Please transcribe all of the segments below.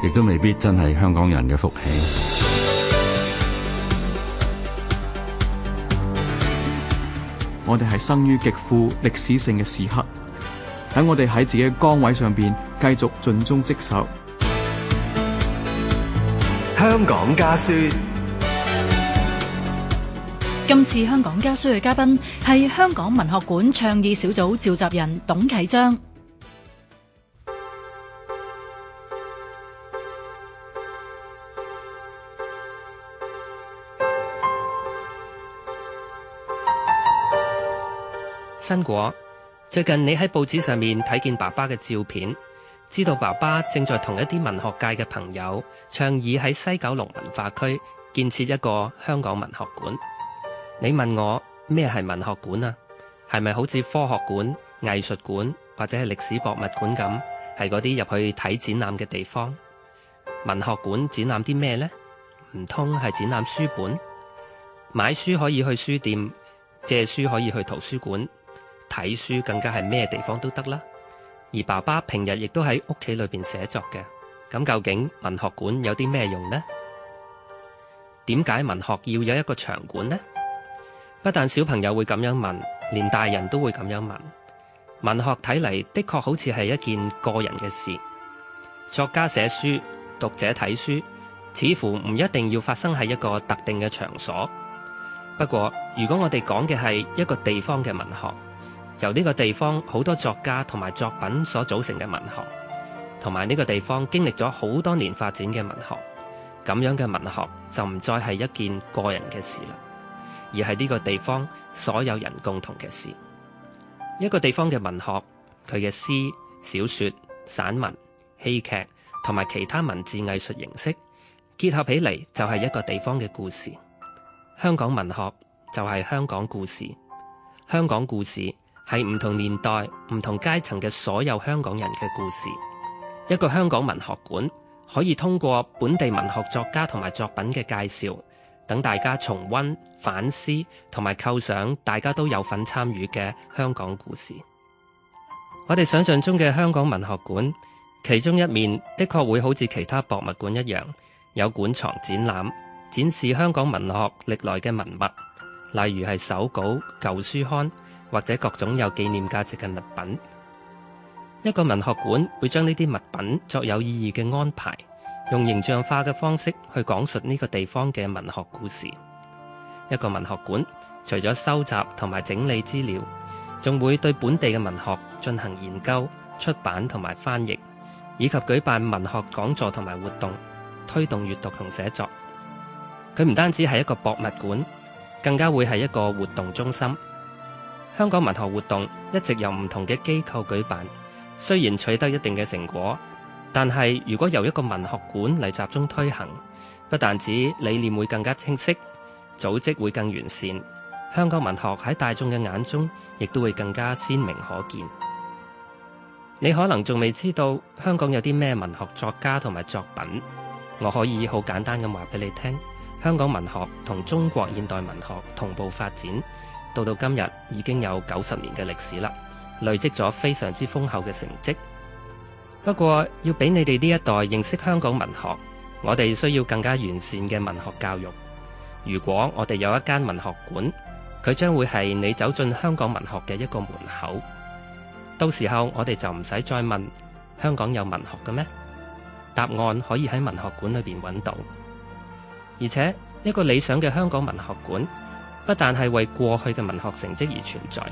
亦都未必真係香港人嘅福氣。我哋係生於極富歷史性嘅時刻，等我哋喺自己嘅崗位上面繼續盡忠職守。香港家書。 今次香港家書嘅嘉賓係香港文學館倡議小組召集人董啟章。新果，最近你喺報紙上面睇見爸爸嘅照片，知道爸爸正在同一啲文學界嘅朋友倡議喺西九龍文化區建設一個香港文學館。你問我咩係文學館啊？係咪好似科學館、藝術館或者係歷史博物館咁？係嗰啲入去睇展覽嘅地方？文學館展覽啲咩咧？唔通係展覽書本？買書可以去書店，借書可以去圖書館。睇書更加係咩地方都得啦。而爸爸平日亦都喺屋企裏邊寫作嘅。咁究竟文學館有啲咩用呢？點解文學要有一個場館呢？不但小朋友會咁樣問，連大人都會咁樣問。文學睇嚟的確好似係一件個人嘅事，作家寫書，讀者睇書，似乎唔一定要發生喺一個特定嘅場所。不過如果我哋講嘅係一個地方嘅文學。由呢個地方好多作家同埋作品所組成嘅文學，同埋呢個地方經歷咗好多年發展嘅文學，咁樣嘅文學就唔再係一件個人嘅事啦，而係呢個地方所有人共同嘅事。一個地方嘅文學，佢嘅詩、小說、散文、戲劇同埋其他文字藝術形式結合起嚟，就係一個地方嘅故事。香港文學就係香港故事。香港故事，係唔同年代、唔同階層嘅所有香港人嘅故事。一個香港文學館，可以通過本地文學作家同埋作品嘅介紹，等大家重溫、反思同埋構想，大家都有份參與嘅香港故事。我哋想象中嘅香港文學館，其中一面的確會好似其他博物館一樣，有館藏展覽，展示香港文學歷來嘅文物，例如係手稿、舊書刊。或者各種有紀念價值嘅物品，一個文學館會將呢啲物品作有意義嘅安排，用形象化嘅方式去講述呢個地方嘅文學故事。一個文學館除咗收集同埋整理資料，仲會對本地嘅文學進行研究、出版同埋翻譯，以及舉辦文學講座同埋活動，推動閱讀同寫作。佢唔單止係一個博物館，更加會係一個活動中心。香港文學活動一直由唔同嘅機構舉辦，雖然取得一定嘅成果，但係如果由一個文學館嚟集中推行，不但止理念會更加清晰，組織會更完善，香港文學喺大眾嘅眼中亦都會更加鮮明可見。你可能仲未知道香港有啲咩文學作家同埋作品，我可以好簡單咁話俾你聽：香港文學同中國現代文學同步發展。到到今日已經有九十年嘅歷史啦，累積咗非常之豐厚嘅成績。不過要俾你哋呢一代認識香港文學，我哋需要更加完善嘅文學教育。如果我哋有一間文學館，佢將會係你走進香港文學嘅一個門口。到時候我哋就唔使再問香港有文學嘅咩？答案可以喺文學館裏面揾到而且一個理想嘅香港文學館。不但係為過去嘅文學成績而存在，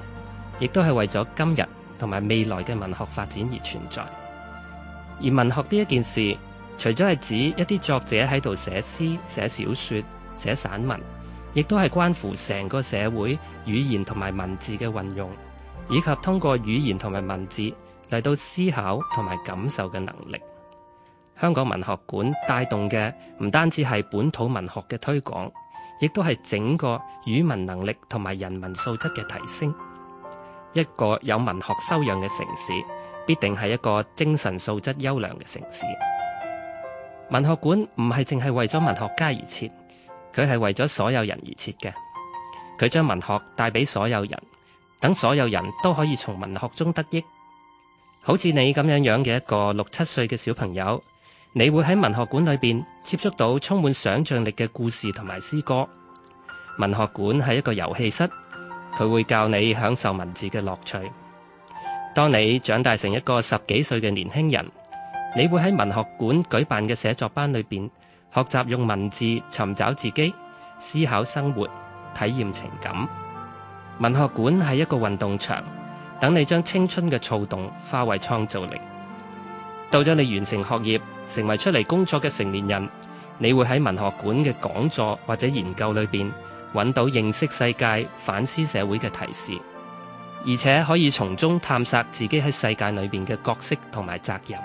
亦都係為咗今日同埋未來嘅文學發展而存在。而文學呢一件事，除咗係指一啲作者喺度寫詩、寫小說、寫散文，亦都係關乎成個社會語言同埋文字嘅運用，以及通過語言同埋文字嚟到思考同埋感受嘅能力。香港文學館帶動嘅唔單止係本土文學嘅推廣。亦都係整個語文能力同埋人文素質嘅提升，一個有文學修養嘅城市，必定係一個精神素質優良嘅城市。文學館唔係淨係為咗文學家而設，佢係為咗所有人而設嘅。佢將文學帶俾所有人，等所有人都可以從文學中得益。好似你咁樣樣嘅一個六七歲嘅小朋友。你會喺文學館裏邊接觸到充滿想像力嘅故事同埋詩歌。文學館係一個遊戲室，佢會教你享受文字嘅樂趣。當你長大成一個十幾歲嘅年輕人，你會喺文學館舉辦嘅寫作班裏邊學習用文字尋找自己、思考生活、體驗情感。文學館係一個運動場，等你將青春嘅躁動化為創造力。到咗你完成學業，成為出嚟工作嘅成年人，你會喺文學館嘅講座或者研究裏邊，揾到認識世界、反思社會嘅提示，而且可以從中探索自己喺世界裏邊嘅角色同埋責任。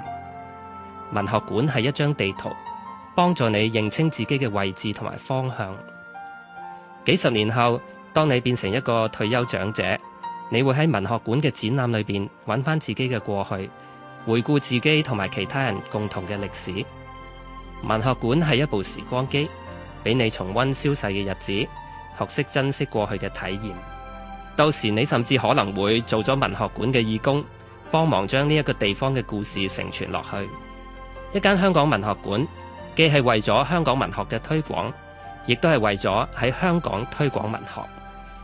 文學館係一張地圖，幫助你認清自己嘅位置同埋方向。幾十年後，當你變成一個退休長者，你會喺文學館嘅展覽裏邊揾翻自己嘅過去。回顧自己同埋其他人共同嘅歷史，文學館係一部時光機，俾你重溫消逝嘅日子，學識珍惜過去嘅體驗。到時你甚至可能會做咗文學館嘅義工，幫忙將呢一個地方嘅故事承傳落去。一間香港文學館，既係為咗香港文學嘅推廣，亦都係為咗喺香港推廣文學，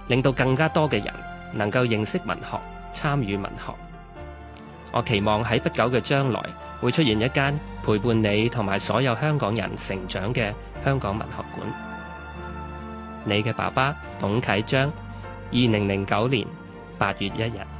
令到更加多嘅人能夠認識文學，參與文學。我期望喺不久嘅將來，會出現一間陪伴你同埋所有香港人成長嘅香港文學館。你嘅爸爸，董啟章，二零零九年八月一日。